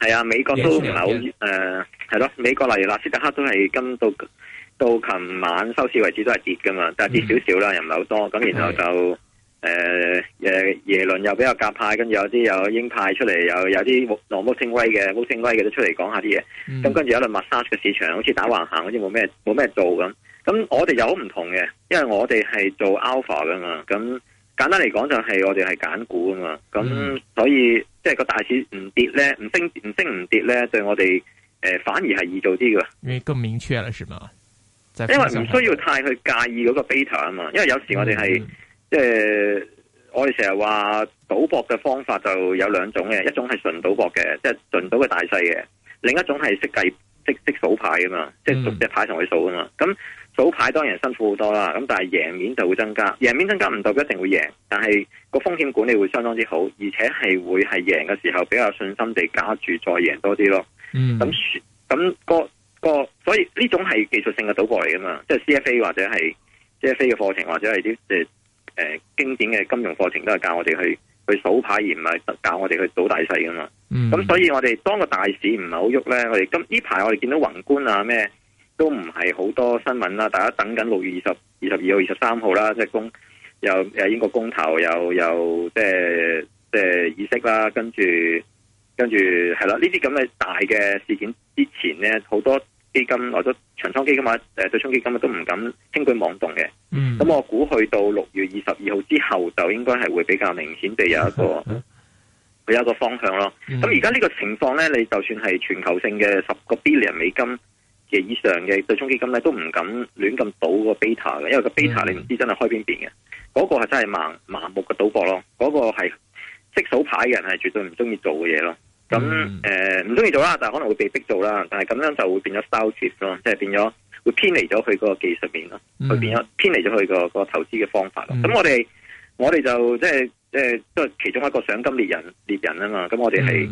係啊， 美國都唔係好，誒、呃，係咯，美國例如納斯達克都係跟到，到琴晚收市為止都係跌㗎嘛，但係跌少少啦，又唔係好多，咁然後就誒、呃、耶倫又比較鴿派，跟住有啲有鷹派出嚟，有有啲羅姆星威嘅，星威嘅都出嚟講下啲嘢，咁跟住有一 massage 嘅市場，好似打橫行，好似冇咩冇咩做咁，咁我哋有唔同嘅，因為我哋係做 alpha 㗎嘛，咁。簡單嚟講就係我哋係揀股啊嘛，咁所以即係個大市唔跌咧，唔升唔升唔跌咧，對我哋誒、呃、反而係易做啲噶，因為更明確了是嘛？因為唔需要太去介意嗰個 beta 啊嘛，因為有時候我哋係即係我哋成日話賭博嘅方法就有兩種嘅，一種係純賭博嘅，即係純賭嘅大勢嘅，另一種係識計識識數牌啊、就是、嘛，即係逐隻牌同佢數啊嘛，咁、嗯。賭牌當然辛苦好多啦，咁但係贏面就會增加，贏面增加唔代表一定會贏，但係個風險管理會相當之好，而且係會係贏嘅時候比較有信心地加住再贏多啲咯。嗯，咁咁、嗰個、嗰個所以呢種係技術性嘅賭博嚟噶嘛，即係 CFA 或者係 CFA 嘅課程或者係啲誒誒經典嘅金融課程都係教我哋去去數牌而唔係教我哋去賭大細噶嘛。咁、嗯、所以我哋當個大市唔係好喐咧，我哋今呢排我哋見到宏觀啊咩？什麼都唔係好多新聞啦，大家等緊六月二十、二十二、二十三號啦，即係公英國公投有有即即意識啦，跟住跟住係啦，呢啲咁嘅大嘅事件之前呢，好多基金或者長倉基金啊誒、呃、對沖基金都唔敢輕舉妄動嘅。咁、嗯、我估去到六月二十二號之後，就應該係會比較明顯地有一個有一個方向咯。咁而家呢個情況呢，你就算係全球性嘅十個 billion 美金。以上嘅對沖基金咧，都唔敢亂咁賭個 beta 嘅，因為個 beta、mm hmm. 你唔知真係開邊邊嘅？嗰、那個係真係盲盲目嘅賭博咯，嗰、那個係識數牌嘅人係絕對唔中意做嘅嘢咯。咁誒唔中意做啦，但係可能會被逼做啦。但係咁樣就會變咗 style drift 咯，即係變咗會偏離咗佢個技術面咯，佢、mm hmm. 變咗偏離咗佢、那個、那個投資嘅方法咯。咁、mm hmm. 我哋我哋就即係即係都係其中一個賞金獵人獵人啊嘛。咁我哋係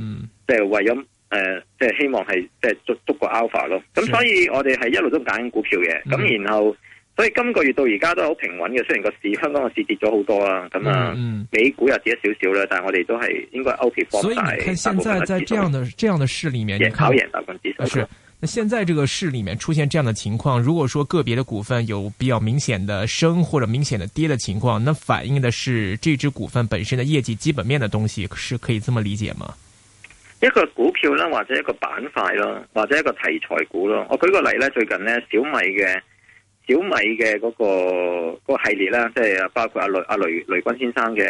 即係為咗。誒、呃，即係希望係即係捉捉過 alpha 咯，咁、嗯、是所以我哋係一路都揀股票嘅，咁、嗯、然後所以今個月到而家都好平穩嘅，雖然個市香港嘅市跌咗好多啦，咁啊，嗯、美股又跌咗少少啦，但係我哋都係應該 ok 所以你看現在在這樣的，的，這，樣的這樣的市裏面，你看大部數是，那現在這個市裏面出現這樣的情況，如果說個別的股份有比較明顯的升或者明顯的跌的情況，那反映的是這支股份本身的業績基本面的東西，是可以這麼理解嗎？一個股票啦，或者一個板塊咯，或者一個題材股咯。我舉個例咧，最近咧小米嘅小米嘅嗰個嗰個系列啦，即係包括阿雷阿雷雷軍先生嘅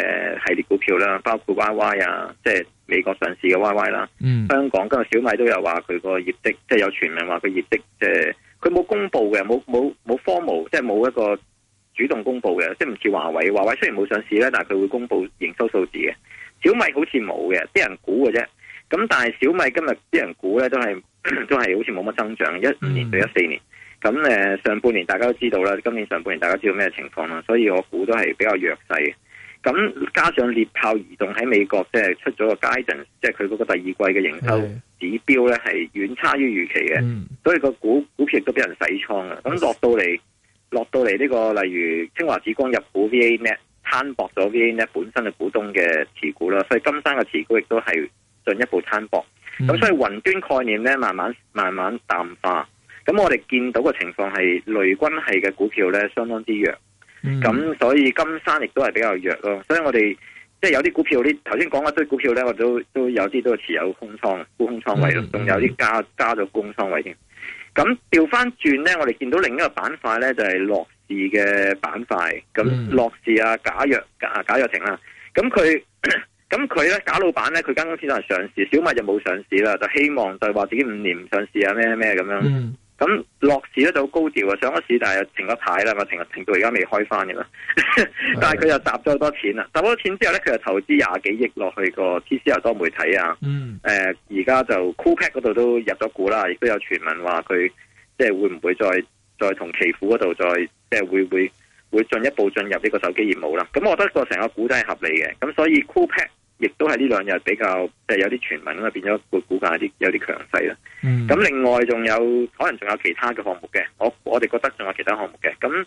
系列股票啦，包括 YY 啊，即係美國上市嘅 YY 啦。香港今日小米都有話佢個業績，即係有傳聞話佢業績，即係佢冇公布嘅，冇冇冇 formal，即係冇一個主動公布嘅，即係唔似華為。華為雖然冇上市咧，但係佢會公布營收數字嘅。小米好似冇嘅，啲人估嘅啫。咁、嗯、但係小米今日啲人估咧，都係都係好似冇乜增長，一五年到一四年。咁誒、嗯嗯，上半年大家都知道啦，今年上半年大家知道咩情況啦，所以我估都係比較弱勢嘅。咁、嗯、加上獵豹移動喺美國即係、就是、出咗個 guidance，即係佢嗰個第二季嘅營收指標咧係遠差於預期嘅，嗯、所以個股股票亦都俾人洗倉啊。咁、嗯、落到嚟，落到嚟呢個例如清華紫光入股 V A Net，攤薄咗 V A Net 本身嘅股東嘅持股啦，所以金山嘅持股亦都係。進一步攤薄，咁所以雲端概念咧，慢慢慢慢淡化。咁我哋見到嘅情況係雷軍係嘅股票咧，相當之弱。咁所以金山亦都係比較弱咯。所以我哋即係有啲股票，啲頭先講嗰堆股票咧，我都都有啲都持有空倉沽空倉位，仲有啲加加咗沽倉位嘅。咁調翻轉咧，我哋見到另一個板塊咧，就係樂視嘅板塊。咁樂視啊，賈躍賈賈躍亭啦，咁佢。 咁佢咧，賈老闆咧，佢間公司就係上市，小米就冇上市啦，就希望就話自己五年唔上市啊，咩咩咁樣。咁落、嗯、市咧就好高調啊，上咗市但係又停咗牌啦，咪停停到而家未開翻嘅啦。 的但係佢又搭咗好多錢啦，搭咗錢之後咧，佢又投資廿幾億落去個 TCL 多媒體啊。誒、嗯，而家、呃、就 Coolpad 嗰度都入咗股啦，亦都有傳聞話佢即係會唔會再再同奇虎嗰度再即係、就是、會會會進一步進入呢個手機業務啦。咁我覺得個成個股都係合理嘅，咁所以 Coolpad。亦都係呢兩日比較，即係有啲傳聞啊，變咗個股價有啲有啲強勢啦。咁、嗯、另外仲有可能仲有其他嘅項目嘅，我我哋覺得仲有其他項目嘅。咁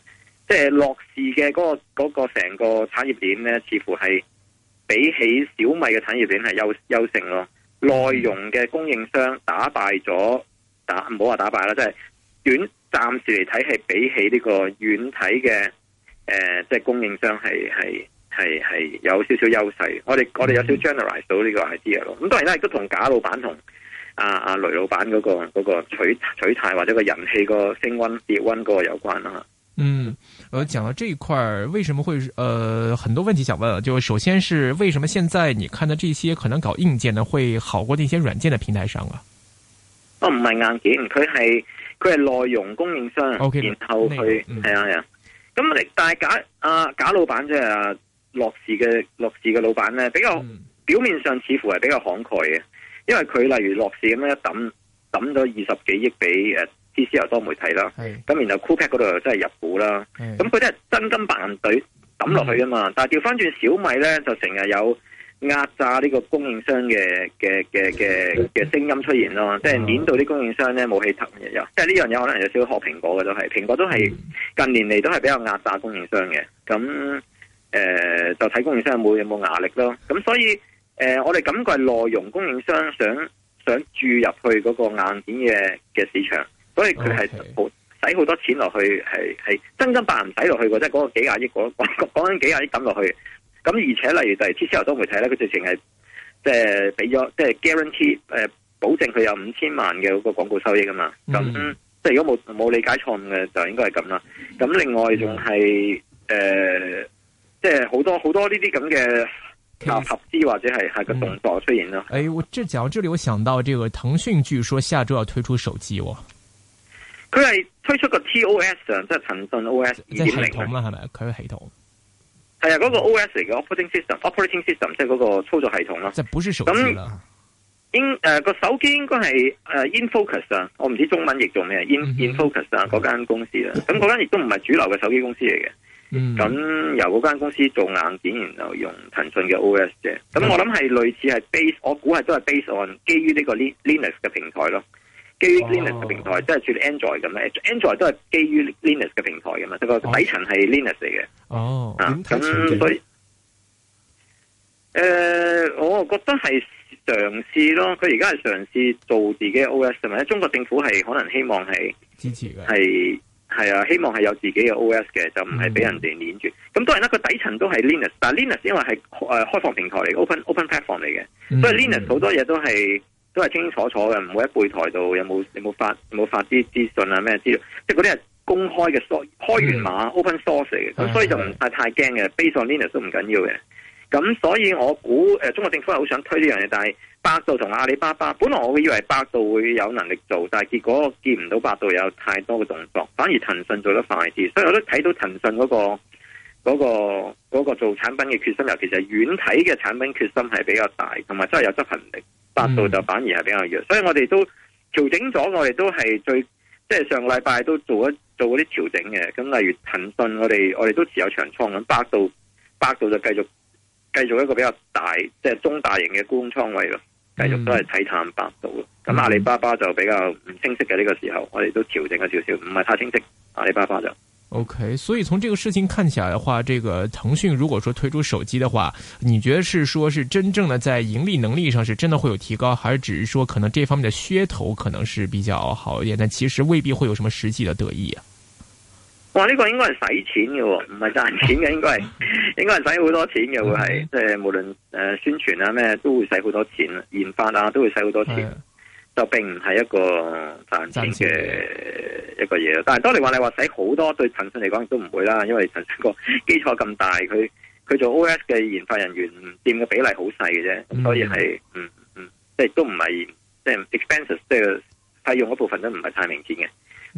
即係樂視嘅嗰個嗰個成個產業鏈咧，似乎係比起小米嘅產業鏈係優優勝咯。內容嘅供應商打敗咗打，唔好話打敗啦，即係短暫時嚟睇係比起呢個軟體嘅，誒、呃，即係供應商係係。係係有少少優勢，我哋我哋有少 generalize 到呢個 idea 咯。咁當然咧，亦都同賈老闆同阿阿雷老闆嗰、嗰個、嗰個取取態或者個人氣個升溫跌溫嗰個有關啦。嗯，我、呃、講到這一塊，為什麼會、呃？很多問題想問啊。就首先是為什麼現在你看到這些可能搞硬件呢，會好過呢些軟件的平台上？啊？哦，唔係硬件，佢係佢係內容供應商。OK，然後佢係、那個嗯、啊，係啊。咁你但係假啊賈老闆即係樂視嘅，樂視嘅老闆咧，比較、嗯、表面上似乎係比較慷慨嘅，因為佢例如樂視咁樣一抌抌咗二十幾億俾誒 TCL 多媒體啦，咁是然後酷派嗰度又真係入股啦，咁佢是都係真金白銀懟抌落去啊嘛。嗯、但係掉返轉小米咧，就成日有壓榨呢個供應商嘅嘅嘅嘅嘅聲音出現咯，嗯、即係碾到啲供應商咧冇氣唞，啊、即係呢樣嘢可能有少少學蘋果嘅都係，就係、蘋果都係、嗯、近年嚟，都係比較壓榨供應商嘅咁。誒、呃，就睇供應商有冇有冇壓力咯。咁、嗯、所以誒、呃，我哋感覺係內容供應商想想注入去嗰個硬件嘅嘅市場，所以佢係好使好多錢落去，係係真真白唔使落去嘅，即係嗰個幾廿億，嗰講緊幾廿億抌落去。咁而且例如就係 TCL 多媒體咧，佢直情係即係、呃、俾咗即係、就是、guarantee 誒、呃，保證佢有五千萬嘅嗰個廣告收益啊嘛。咁、嗯嗯、即係如果冇冇理解錯誤嘅，就應該係咁啦。咁另外仲係誒。嗯呃即係好多好多呢啲咁嘅合資或者係係個動作出現咯。誒、嗯哎，我正講這之裏，我想到這個騰訊據說下周要推出手機。佢、哦、係推出個 T O S，是是 啊，即係騰訊 O S，即係系統啦，係咪？佢系統係啊，嗰個 O S 嚟嘅 Operating System，Operating System 即係嗰個操作系統咯。即係不是手機啦。嗯呃、應誒個手機應該係誒 In Focus 啊，我唔知中文譯做咩啊。In、嗯、哼 In Focus 啊，嗰間公司啦。咁嗰間亦都唔係主流嘅手機公司嚟嘅。咁、嗯、由嗰間公司做硬件，然後用騰訊嘅 OS 嘅。咁、嗯、我諗係類似係 base，我估係都係 base on 基於呢個 Linux 嘅平台咯。基於 Linux 嘅平台，哦、即係似 Android 咁咧，Android 都係基於 Linux 嘅平台噶嘛。個底層係 Linux 嚟嘅。哦，咁所以，誒、呃，我覺得係嘗試咯。佢而家係嘗試做自己嘅 OS 同埋中國政府係可能希望係支持係。係啊，希望係有自己嘅 OS 嘅，就唔係俾人哋捏住。咁當然啦，個底層都係 Linux，但 Linux 因為係誒開放平台嚟，open open platform 嚟嘅，嗯、所以 Linux 好多嘢都係都係清清楚楚嘅，唔會喺背台度有冇有冇發有冇發啲資訊啊咩資料，即係嗰啲係公開嘅 source，開源碼、嗯、open source 嚟嘅，咁所以就唔係太驚嘅，based on Linux 都唔緊要嘅。咁所以我，我、呃、估中國政府係好想推呢樣嘢，但係百度同阿里巴巴，本來我會以為百度會有能力做，但係結果見唔到百度有太多嘅動作，反而騰訊做得快啲。所以我都睇到騰訊嗰個嗰個嗰個做產品嘅決心尤其是軟體嘅產品決心係比較大，同埋真係有執行力。百度就反而係比較弱，所以我哋都調整咗，我哋都係最即係上個禮拜都做一做嗰啲調整嘅。咁例如騰訊我哋我哋都持有長倉咁，百度百度就繼續。繼續一個比較大，即係中大型嘅官倉位咯，繼續都係睇淡百度咯。咁阿里巴巴就比較唔清晰嘅呢個時候，我哋都調整咗少少，唔係太清晰。阿里巴巴就 OK，所以從這個事情看起來嘅話，這個騰訊如果說推出手機嘅話，你覺得是說是真正嘅在盈利能力上是真的會有提高，還是只是說可能這方面的噱頭可能是比較好一點，但其實未必會有什麼實際的得益啊？哇呢，這個應該係使錢嘅，唔係賺錢嘅。應該係 應該係使好多錢嘅，會係，mm hmm. 即係無論誒宣傳啊咩，都會使好多錢啦。研發啊都會使好多錢，Yeah. 就並唔係一個賺錢嘅一個嘢。但係當你話你話使好多，對騰訊嚟講亦都唔會啦，因為騰訊個基礎咁大，佢佢做 O S 嘅研發人員佔嘅比例好細嘅啫，所以係，mm hmm. 嗯嗯，即係都唔係即係 expenses，即係費用嗰部分都唔係太明顯嘅。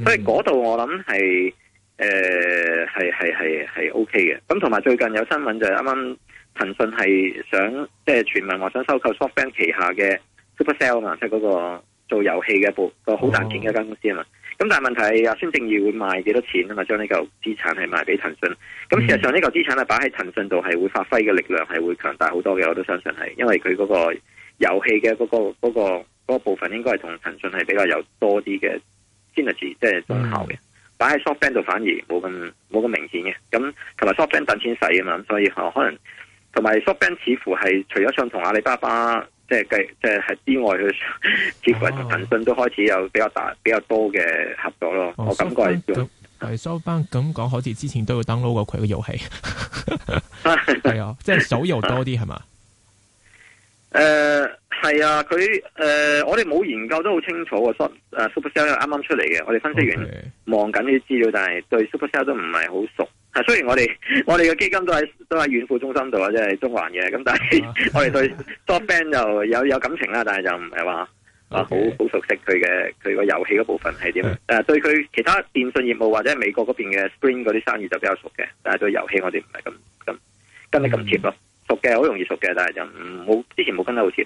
所以嗰度我諗係。誒，係係係係 O K 嘅。咁同埋最近有新聞就係啱啱騰訊係想即係傳聞話想收購 SoftBank 旗下嘅 Supercell 啊，即係嗰個做遊戲嘅部、嗰個好大件嘅一間公司啊嘛。咁、哦、但係問題阿孫正義會賣幾多錢啊嘛？將呢嚿資產係賣俾騰訊。咁事實上呢嚿資產係擺喺騰訊度係會發揮嘅力量係會強大好多嘅，我都相信係，因為佢嗰個遊戲嘅嗰個嗰、嗰個、嗰個部分應該係同騰訊係比較有多啲嘅 synergy 即係綜效嘅。擺喺 softbank 度反而冇咁冇咁明顯嘅，咁同埋 softbank 等錢使啊嘛，所以、啊、可能同埋 softbank 似乎係除咗想同阿里巴巴即係計即係係之外，佢似乎係同騰訊都開始有比較大比較多嘅合作咯。哦、我感覺係但係 softbank，咁講好似之前都要 download 過佢嘅遊戲，係啊，即、就、係、是、手遊多啲係嘛？ 是吧誒，係、呃、啊，佢誒、呃，我哋冇研究都好清楚啊。Sup 誒，Supercell 啱啱出嚟嘅，我哋分析完望緊啲資料，但係對 Supercell 都唔係好熟。啊，雖然我哋我哋嘅基金都喺都喺遠富中心度即係中環嘅。咁但係、啊、 我哋對 Softbank 就有有感情啦，但係就唔係話啊好好熟悉佢嘅佢個遊戲嗰部分係點樣。誒、 啊，對佢其他電信業務或者美國嗰邊嘅 Sprint 嗰啲生意就比較熟嘅，但係對遊戲我哋唔係咁咁跟得咁貼咯。嗯熟嘅，好容易熟嘅，但係就唔冇之前冇跟得好貼。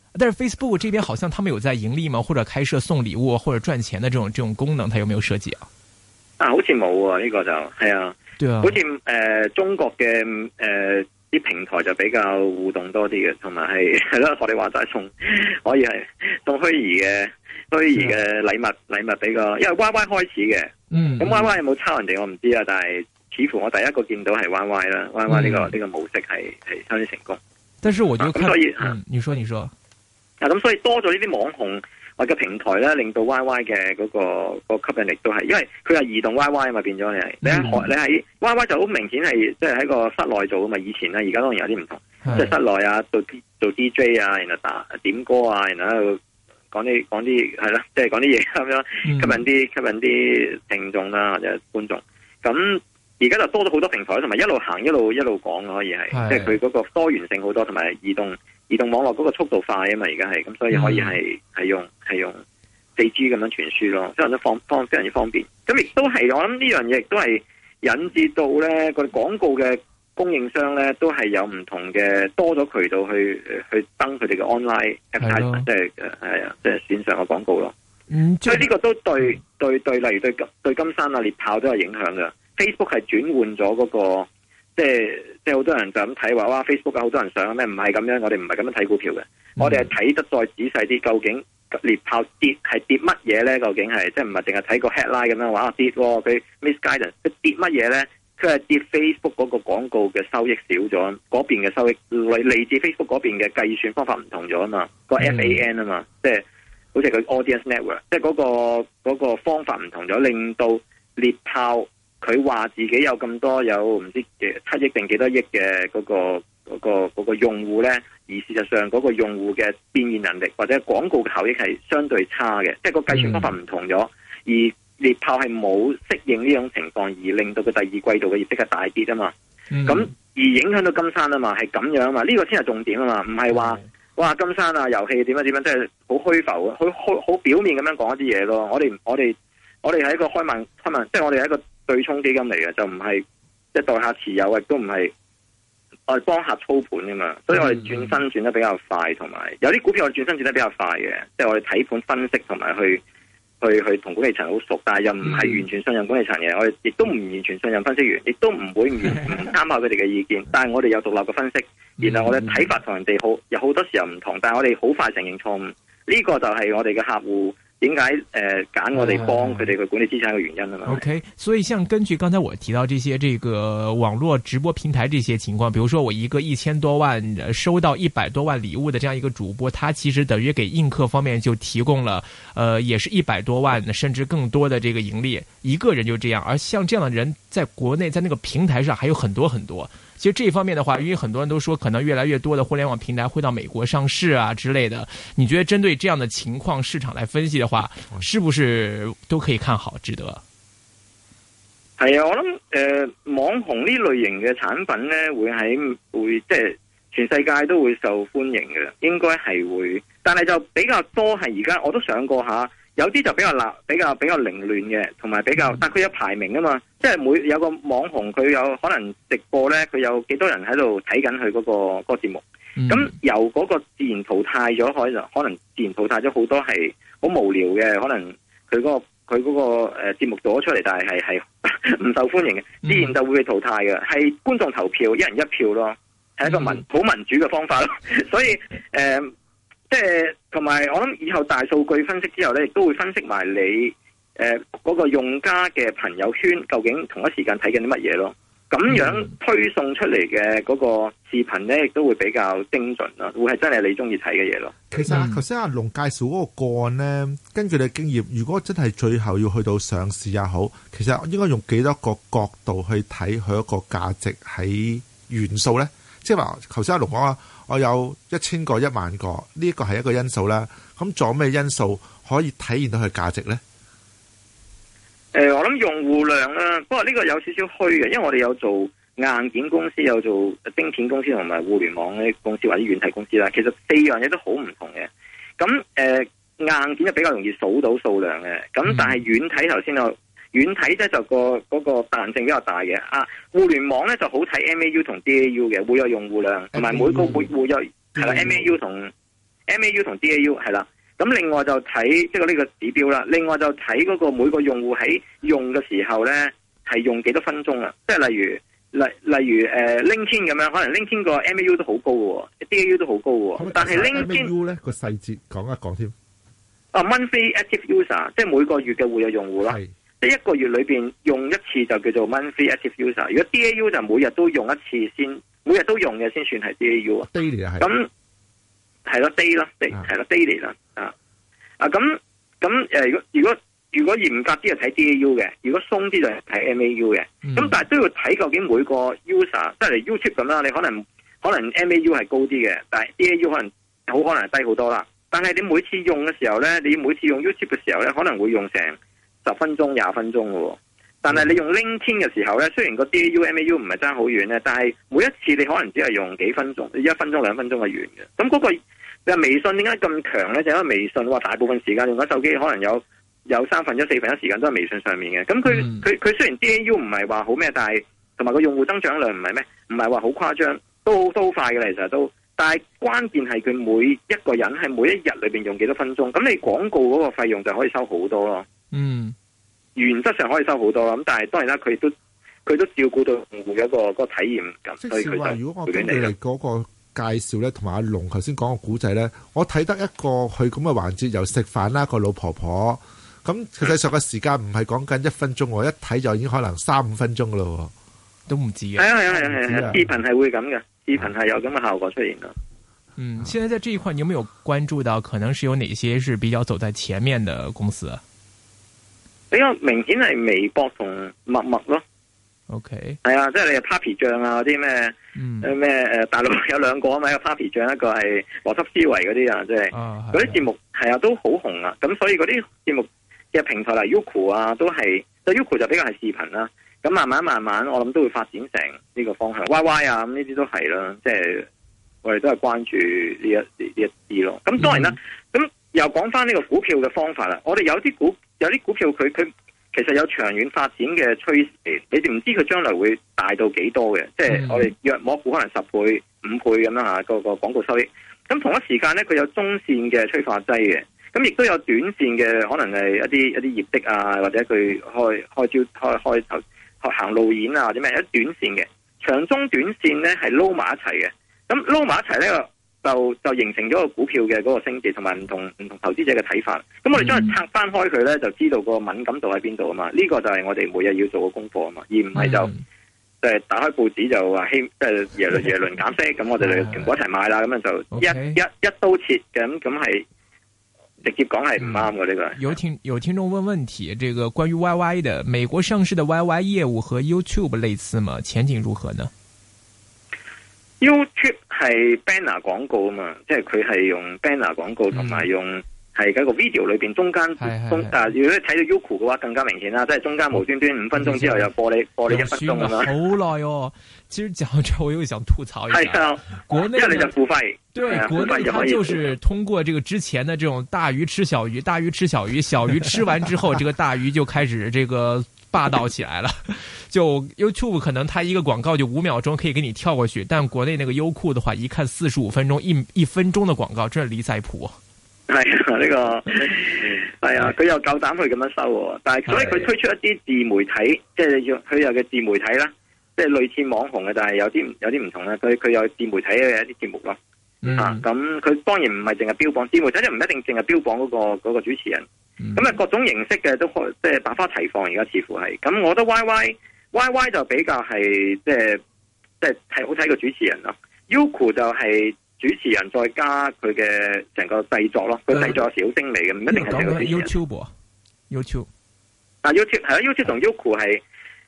但是 Facebook 這邊好像他們有在盈利嘛，或者開設送禮物、啊、或者賺錢的這種這種功能，它有沒有設計啊？啊，好似冇啊呢、呢個就係啊，對啊好似誒、呃、中國嘅誒啲平台就比較互動多啲嘅，同埋係啦我哋話齋送可以係送虛擬嘅、嗯、虛擬嘅禮物禮物比較，因為 Y Y 開始嘅，嗯咁 Y Y 有冇抄人哋我唔知啊，但係似乎我第一個見到係 Y Y 啦，Y Y 呢個呢個模式係係相當成功。但是我就咁可以，嗯，你說你說。咁所以多咗呢啲網紅或個平台咧，令到 Y Y 嘅嗰個吸引力都係，因為佢係移動 Y Y 啊嘛，變咗你係 Yeah. 你喺你喺 Y Y 就好明顯係即係喺個室內做噶嘛。以前咧，而家當然有啲唔同，即係是室內啊，做 D 做 D J 啊，然後打點歌啊，然後喺度講啲講啲係啦，即、就、係、是、講啲嘢咁樣，吸引啲吸引啲聽眾啦、啊、或者觀眾。咁而家就多咗好多平台，同埋一路行一路一路講可以係，是即係佢嗰個多元性好多，同埋移動。移動網絡嗰個速度快啊嘛，而家係咁，所以可以係係用係用四 G 咁樣傳輸咯，非常之方方，非常之方便。咁亦都係，我諗呢樣嘢亦都係引致到咧個廣告嘅供應商咧都係有唔同嘅多咗渠道去、呃、去登佢哋嘅 online app，即係係啊，即係線上嘅廣告咯。所以呢個都對對對，例如對金對金山啊、獵豹都有影響嘅。Facebook 係轉換咗嗰個。即係即係好多人就咁睇話哇 Facebook 有好多人上咩？唔係咁樣，我哋唔係咁樣睇股票嘅。嗯、我哋係睇得再仔細啲，究竟獵豹跌係跌乜嘢咧？究竟係即係唔係淨係睇個 headline 咁樣話跌？佢 miss guidance 佢跌乜嘢咧？佢係跌 Facebook 嗰個廣告嘅收益少咗，嗰邊嘅收益嚟自 Facebook 嗰邊嘅計算方法唔同咗啊嘛，個 FAN 啊嘛，嗯、即係好似佢 Audience Network，即係嗰、個嗰個方法唔同咗，令到獵豹。佢話自己有咁多有唔知七億定幾多億嘅嗰個嗰個嗰個用戶咧，而事實上嗰個用戶嘅變現能力或者廣告效益係相對差嘅，即係個計算方法唔同咗。嗯、而獵豹係冇適應呢種情況，而令到佢第二季度嘅業績係大跌啊嘛。咁、嗯、而影響到金山啊嘛，係咁樣啊嘛，呢個先係重點啊嘛，唔係話哇金山啊遊戲點樣點樣，即係好虛浮，好好表面咁樣講一啲嘢咯。我哋我哋我哋係一個開慢開慢，即係我哋係一個。對沖基金嚟嘅，就唔係即係代客持有，亦都唔係我哋幫客操盤噶嘛，所以我哋轉身轉得比較快，同埋有啲股票我轉身轉得比較快嘅，即係我哋睇盤分析，同埋去去去同管理層好熟，但係又唔係完全信任管理層嘅，我哋亦都唔完全信任分析員，亦都唔會唔參考佢哋嘅意見， 但係我哋有獨立嘅分析，然後我哋睇法同人哋好有好多時候唔同，但係我哋好快承認錯誤，呢個就係我哋嘅客戶。點解呃揀我哋幫佢哋去管理資產嘅原因啊？OK，所以像根據剛才我提到這些，這個網絡直播平台這些情況，比如說我一個一千多萬收到一百多萬禮物的這樣一個主播，他其實等於給映客方面就提供了，呃，也是一百多萬甚至更多的這個盈利，一個人就這樣，而像這樣的人在國內在那個平台上還有很多很多。其實這一方面的話，因為很多人都說可能越來越多的互聯網平台會到美國上市啊之類的，你覺得針對這樣的情況市場來分析的話，是不是都可以看好值得？係啊，我諗誒、呃，網紅呢類型嘅產品呢，會喺會即係全世界都會受歡迎嘅，應該係會，但係就比較多係而家我都想過吓。有啲就比較比較比較凌亂嘅，同埋比較，但佢有排名啊嘛，即係每有個網紅佢有可能直播咧，佢有幾多人喺度睇緊佢嗰個嗰、那個嗰個節目，咁、嗯、由嗰個自然淘汰咗，可能可能自然淘汰咗好多係好無聊嘅，可能佢嗰、嗰個佢嗰、嗰個誒節、呃、目做咗出嚟，但係係係唔受歡迎嘅，自然就會被淘汰嘅，係、嗯、觀眾投票一人一票咯，係一個民好、嗯、民主嘅方法咯，所以誒。呃即係同埋，我諗以後大數據分析之後咧，亦都會分析埋你誒嗰、呃那個用家嘅朋友圈究竟同一時間睇緊啲乜嘢咯。咁樣推送出嚟嘅嗰個視頻咧，亦都會比較精準啦，會係真係你中意睇嘅嘢咯。其實頭、啊、先阿龍介紹嗰個個案咧，根據你經驗，如果真係最後要去到上市也好，其實應該用幾多個角度去睇佢一個價值喺元素咧？即係話頭先阿龍講啊,我有一千個一萬個呢個係一個因素啦。咁仲有咩因素可以體現到佢價值咧？誒、呃,我諗用戶量啦,不過呢個有少少虛嘅，因為我哋有做硬件公司,有做晶片公司同埋互聯網啲公司或者軟體公司啦。其實四樣嘢都好唔同嘅。咁誒、呃,硬件就比較容易數到數量嘅。咁但係軟體頭先我。嗯遠睇咧就個嗰、那個彈性比較大嘅啊，互聯網咧就好睇 M A U 同 D A U 嘅會有用戶量同埋 M AU, 每個會會有係啦 M A U 同 M A U 同 D A U 係啦，咁另外就睇即係呢個指標啦，另外就睇嗰個每個用戶喺用嘅時候咧係用幾多分鐘啊？即、就、係、是、例如例例如誒、呃、LinkedIn 咁樣，可能 LinkedIn 個 M A U 都好高嘅，D A U 都好高嘅，可可但係 LinkedIn 咧個細節講一講添啊，Monthly Active User 即係每個月嘅會有用戶啦。即一個月裏邊用一次就叫做 monthly active user。如果 DAU 就每日都用一次先，每日都用嘅先算係 DAU 啊是。daily 咁係咯，day 咯，係咯 daily 啦。啊啊咁咁誒，如果如果如果嚴格啲係睇 DAU 嘅，如果鬆啲就係睇 MAU 嘅。咁、嗯、但係都要睇究竟每個 user 即係嚟 YouTube 咁啦，你可能可能 MAU 係高啲嘅，但係 DAU 可能好可能係低好多啦。但係你每次用嘅時候咧，你每次用 YouTube 嘅時候咧，可能會用成。十分鐘、廿分鐘嘅，但係你用 LinkedIn 嘅時候呢，雖然個 DAU、MAU 唔係爭好遠咧，但係每一次你可能只係用幾分鐘，一分鐘、兩分鐘就完嘅。咁嗰個你話微信點解咁強呢？就因為微信話大部分時間用緊手機，可能有有三分一、四分一時間都係微信上面嘅。咁佢佢雖然 DAU 唔係話好咩，但係同埋個用戶增長量唔係咩，唔係話好誇張，都都好快嘅其實都。但係關鍵係佢每一個人係每一日裏邊用幾多分鐘，咁你廣告嗰個費用就可以收好多咯。嗯，原則上可以收好多啦，咁但係當然啦，佢都佢都照顧到用戶一個嗰個體驗咁，所以佢話，如果我哋嗰個介紹咧，同埋阿龍頭先講個古仔咧，嗯、我睇得一個佢咁嘅環節，由食飯啦個老婆婆，咁、嗯嗯、實際上嘅時間唔係講緊一分鐘喎，我一睇就已經可能三五分鐘噶啦，都唔止嘅。係係係係，視頻係會咁嘅，視頻係有咁嘅效果出現噶。嗯，嗯，現在在呢一塊，你有冇有關注到，可能是有哪些是比較走在前面的公司？比較明顯係微博同陌陌咯，OK，係啊，即係你 Papi 醬啊嗰啲咩，咩誒、嗯呃、大陸有兩個啊嘛，有 Papi 醬，一個係邏輯思維嗰啲啊，即係嗰啲節目係啊都好紅啊，咁所以嗰啲節目嘅平台啦，Youku 啊都係，即 Youku 就比較係視頻啦，啊，咁慢慢慢慢我諗都會發展成呢個方向，YY 啊咁呢啲都係啦，即係我哋都係關注呢一呢一啲咯，咁當然啦。嗯又講翻呢個股票嘅方法啦，我哋有啲股有啲股票，佢佢其實有長遠發展嘅趨勢，你哋唔知佢將來會大到幾多嘅，即係我哋約摸估可能十倍、五倍咁啦吓，個個廣告收益。咁同一時間咧，佢有中線嘅催化劑嘅，咁亦都有短線嘅，可能係一啲一啲業績啊，或者佢開開招開開開行路演啊，或者咩有短線嘅，長中短線咧係撈埋一齊嘅，咁撈埋一齊咧。就就形成咗個股票嘅嗰個升跌，同埋唔同唔同投資者嘅睇法。咁我哋將佢拆翻開佢咧，嗯、就知道個敏感度喺邊度啊嘛。呢、這個就係我哋每日要做嘅功課啊嘛，而唔係就即係打開報紙就話希即係耶倫耶倫減息，咁、嗯、我哋全部一齊買啦，咁、啊、樣就一一 okay, 一刀切咁咁係直接講係唔啱嘅呢個。有聽有聽眾問問題，這個關於 Y Y 的美國上市的 Y Y 業務和 YouTube 類似嗎？前景如何呢？YouTube 係 banner 廣告啊嘛，即係佢係用 banner 廣告同埋、嗯、用係嗰個 video 裏邊中間，但係如果睇到 YouKu 嘅話更加明顯啦，即係中間無端端五分鐘之後又播你播、嗯、你一分鐘咁樣，好耐哦。其實講到咁，我又想吐槽一下，係的啊，國內嘅付費，對國內，他就是通過這個之前的這種大魚吃小魚，大魚吃小魚，小魚吃完之後，這個大魚就開始這個霸道起來了。 就 YouTube 可能，他一個廣告就五秒鐘可以給你跳過去，但國內那個優酷的話，一看四十五分鐘，一一分鐘的廣告，真係離晒譜。係呢個係啊，佢又夠膽去咁樣收，但係所以佢推出一啲自媒體，即係佢有嘅自媒體啦，即係類似網紅嘅，但係有啲有啲唔同啦。佢佢有自媒體嘅一啲節目咯，啊，咁佢當然唔係淨係標榜自媒體，即係唔一定淨係標榜嗰、嗰個、嗰個主持人，咁啊、嗯，各種形式嘅都開，即係百花齊放而家似乎係，咁我都 YY。Y Y 就比較係即係即係係好睇個主持人咯，Youku 就係主持人再加佢嘅成個製作咯，佢製作係好精美嘅，唔一定係你 YouTube 啊，YouTube 啊 YouTube 係啦 YouTube 同 Youku 係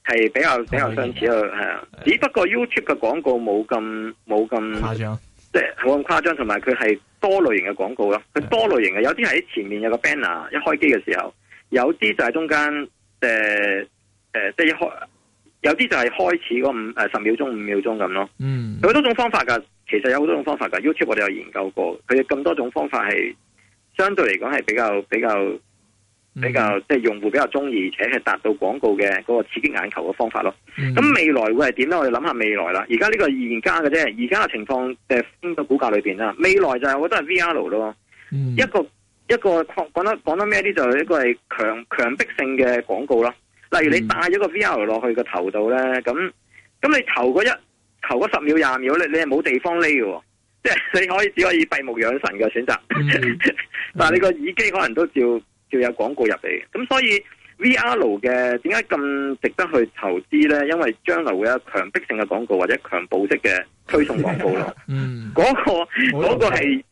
係比較比較相似啊，係啊、呃，只不過 YouTube 嘅廣告冇咁冇咁誇張，即係冇咁誇張，同埋佢係多類型嘅廣告咯，佢多類型嘅，呃、有啲喺前面有個 banner，一開機嘅時候，有啲就係中間誒誒即係一開。有啲就係開始五誒十秒鐘五秒鐘咁咯，嗯，嗯，好、嗯嗯、多種方法噶，其實有好多種方法噶。YouTube 我哋有研究過，佢有咁多種方法係相對嚟講係比較比較比較即係、嗯嗯嗯、用戶比較中意，而且係達到廣告嘅嗰個刺激眼球嘅方法咯。咁未來會係點咧？我哋諗下未來啦。現在這現而家呢個現家嘅啫，而家嘅情況誒喺個股價裏邊啦。未來就係我覺得係 VR 咯，嗯嗯嗯一個一個擴講得講得咩啲就係一個係強強迫性嘅廣告咯。例如你戴咗個 VR 落去個頭度咧，咁咁你頭嗰一，頭十秒廿秒咧，你係冇地方匿嘅，即係你可以，你可以只可以閉目養神嘅選擇。Mm hmm. 但係你個耳機可能都照照有廣告入嚟嘅。咁所以 VR 嘅點解咁值得去投資咧？因為將來會有強迫性嘅廣告或者強暴式嘅推送廣告咯。嗰、 嗰個嗰、mm hmm. 個係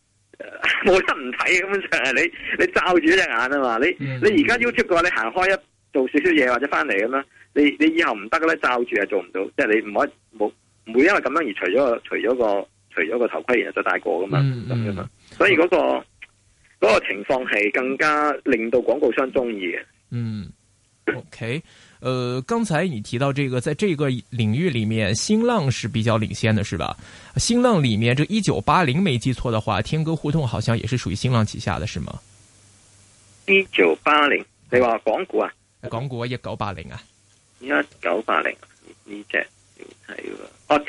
冇得唔睇嘅，基本上、mm hmm. 你你罩住隻眼啊嘛。你你而家 YouTube 嘅話，你行開一。做少少嘢或者翻嚟咁嘛，你你以後唔得嘅咧，罩住就做唔到，即係你唔可冇唔會因為咁樣而除咗除咗個除咗個頭盔後再戴過噶嘛，咁樣嘛，是是嗯、所以嗰、那個嗰、嗯、個情況係更加令到廣告商中意嘅。嗯，OK，誒，剛、呃、才你提到這個，在這個領域裏面，新浪是比較領先嘅，是吧？新浪裏面，這一九八零，沒記錯的話，天歌互動好像也是屬於新浪旗下嘅，是嗎？一九八零，你話港股啊？港股啊，一九八零啊，一九八零呢隻少睇喎。哦，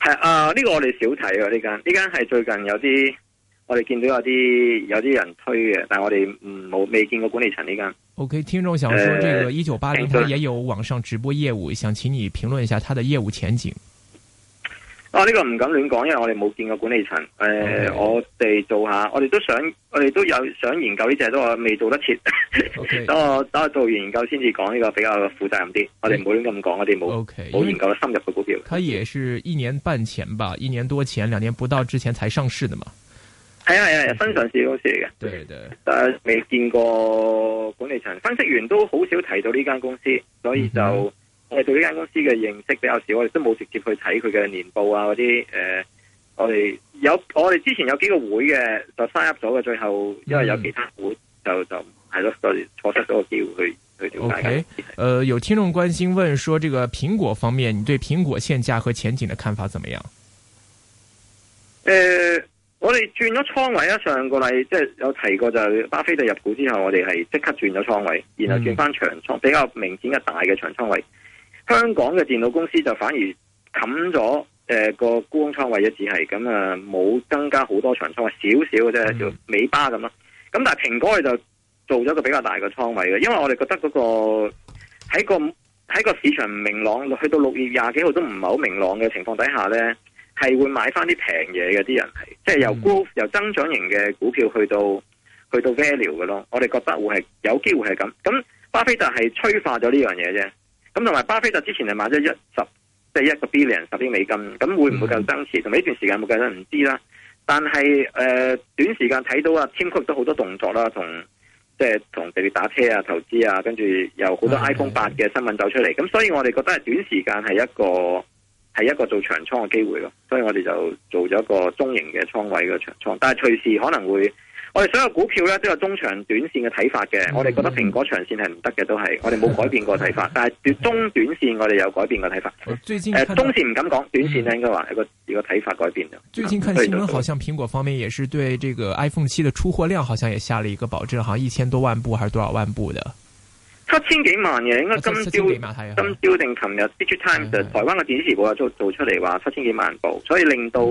係啊，呢個我哋少睇啊，呢間呢間係最近有啲我哋見到有啲有啲人推嘅，但係我哋唔冇未見過管理層呢間。OK，聽眾想說，這個一九八零佢也有網上直播業務，想請你評論一下它的業務前景。.啊！呢個唔敢亂講，因為我哋冇見過管理層。誒 Okay.、呃，我哋做下，我哋都想，我哋都有想研究呢隻，都話未做得切 Okay.。等我等我做完研究先至講呢、這個比較負責任啲 Okay.。我哋唔好亂咁講，我哋冇冇研究得深入嘅股票。佢也是一年半前吧，一年多前、兩年不到之前才上市嘅嘛。係係係新上市公司嚟嘅。對對，但，未見過管理層，分析員都好少提到呢間公司，所以就。嗯我哋對呢間公司嘅認識比較少，我哋都冇直接去睇佢嘅年報啊嗰啲。誒、呃，我哋有我哋之前有幾個會嘅就加入咗嘅，最後因為有其他會就就係咯，就錯失咗個機會去 去了解。O K，誒，有聽眾關心問說，這個蘋果方面，你對蘋果現價和前景嘅看法怎麼樣？誒、呃，我哋轉咗倉位啊，上個禮即係有提過，就巴菲特入股之後，我哋係即刻轉咗倉位，然後轉翻長倉，嗯、比較明顯嘅大嘅長倉位。香港嘅電腦公司就反而冚咗，誒個沽空倉位一啲係咁啊，冇增加好多長倉，少少嘅啫，叫尾巴咁咯。咁但係蘋果佢就做咗個比較大嘅倉位嘅，因為我哋覺得嗰、那個喺個喺個市場唔明朗，去到六月廿幾號都唔係好明朗嘅情況底下呢，係會買翻啲平嘢嘅啲人係，即係由、嗯、由增長型嘅股票去到去到 value 嘅咯。我哋覺得會係有機會係咁，咁巴菲特係催化咗呢樣嘢啫。咁同埋巴菲特之前係買咗一十，即係一個 billion 十億美金，咁會唔會夠增持？同埋呢段時間冇計得唔知啦。但係誒、呃，短時間睇到啊，Tim Cook 都好多動作啦，同即係同地鐵打車啊、投資啊，跟住有好多 iPhone 八嘅新聞走出嚟。咁、mm hmm. 所以我哋覺得短時間係一個係一個做長倉嘅機會咯。所以我哋就做咗一個中型嘅倉位嘅長倉，但係隨時可能會。我哋所有股票咧都有中長短線嘅睇法嘅，我哋覺得蘋果長線係唔得嘅，都係我哋冇改變過睇法，但係中短線我哋有改變過睇法。最近誒、呃，中線唔敢講，短線咧應該話一個個睇法改變啦。最近看新聞，好像蘋果方面也是對這個 iPhone 七嘅出貨量，好像也下了一個保證，好像一千多萬部還是多少萬部的。七千幾萬嘅，應該今朝、啊、今朝定琴日 DigiTimes 就台灣嘅電子報做做出嚟話七千幾萬部，所以令到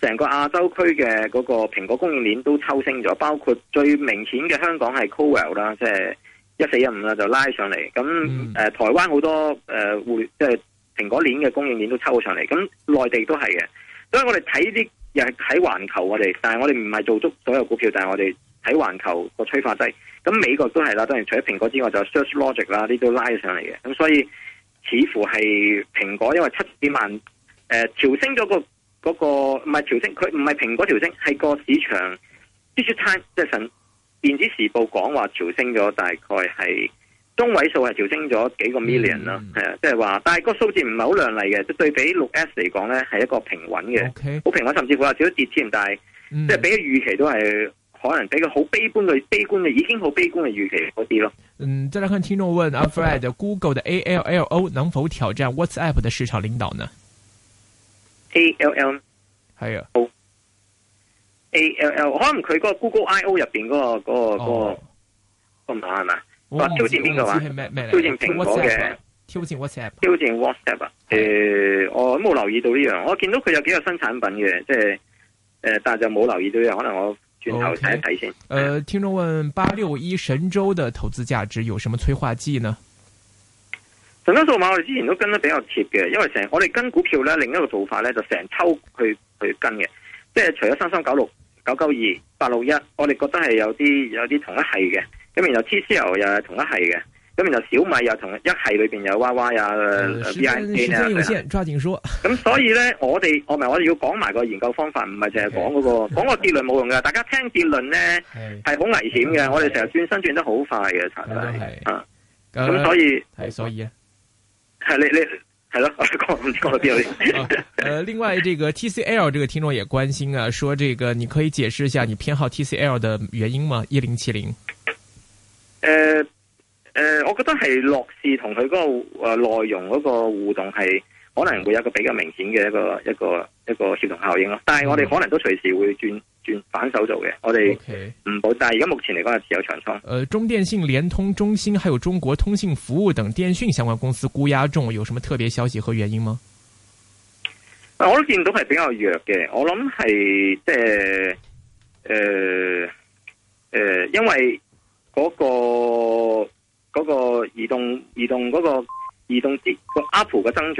成個亞洲區嘅嗰個蘋果供應鏈都抽升咗，包括最明顯嘅香港係 Cowell 啦，即係一四一五啦就拉上嚟。咁誒，台灣好多誒互即係蘋果鏈嘅供應鏈都抽上嚟。咁內地都係嘅，所以我哋睇啲又係睇環球我哋，但係我哋唔係做足所有股票，但係我哋。喺環球個催化劑，咁美國都係啦，當然除咗蘋果之外，就是、Search Logic 啦，呢都拉咗上嚟嘅。咁所以似乎係蘋果，因為七四萬誒調、呃、升咗個嗰個，唔係調升，佢唔係蘋果調升，係個市場。DigiTimes 即係神電子時報講話調升咗，大概係中位數係調升咗幾個 million 啦、mm.，係啊，即係話，但係個數字唔係好亮麗嘅，即對比六 S 嚟講咧，係一個平穩嘅，好 Okay. 平穩，甚至乎有少少跌添，但係、mm. 即係比預期都係。可能俾個好悲觀嘅、悲觀嘅、已經好悲觀嘅預期嗰啲咯。嗯，再來看聽眾問阿 Fred Google 的 A L L O 能否挑戰 WhatsApp 嘅市場領導呢？A L L 係啊 A L L，可能佢嗰個 Google I O 入邊嗰個嗰個嗰個個碼係嘛？我挑戰邊個話？挑戰蘋果嘅？挑戰 WhatsApp？挑戰 WhatsApp 啊？誒，我冇留意到呢樣，我見到佢有幾個新產品嘅，即係誒，但係就冇留意到呢樣，可能我。哦，睇一睇先。呃，聽眾問八六一神州嘅投資價值有什麼催化劑呢？神州數碼我哋之前都跟得比較貼嘅，因為成我哋跟股票咧，另一個做法咧就成抽去去跟嘅，即係除咗三三九六、九九二、八六一，我哋覺得係有啲有啲同一系嘅，咁然後 TCL 又係同一系嘅。咁然後小米又同一係裏邊有 Y Y 啊 V I P 啊，咁所以咧，我哋我咪我哋要講埋個研究方法，唔係淨係講嗰個，講個結論冇用㗎。大家聽結論咧係好危險嘅，我哋成日轉身轉得好快嘅，實際啊，咁所以係所以係你你係咯，講講第誒，另外這個 T C L 這個聽眾也關心啊，說這個你可以解釋一下你偏好 T C L 的原因嗎？一零七零，誒。誒、呃，我覺得係樂視同佢嗰個誒、呃、內容嗰個互動係可能會有一個比較明顯嘅一個一個一個協同效應咯。但係我哋可能都隨時會轉轉反手做嘅。我哋唔保，Okay. 但係而家目前嚟講係持有長倉。誒、呃，中電信、聯通、中興，還有中國通信服務等電訊相關公司沽壓重，有什麼特別消息和原因嗎？呃、我都見到係比較弱嘅，我諗係即係誒誒，因為嗰、那個。嗰個移動，移動，嗰、那個移動，啲個，App 嘅增長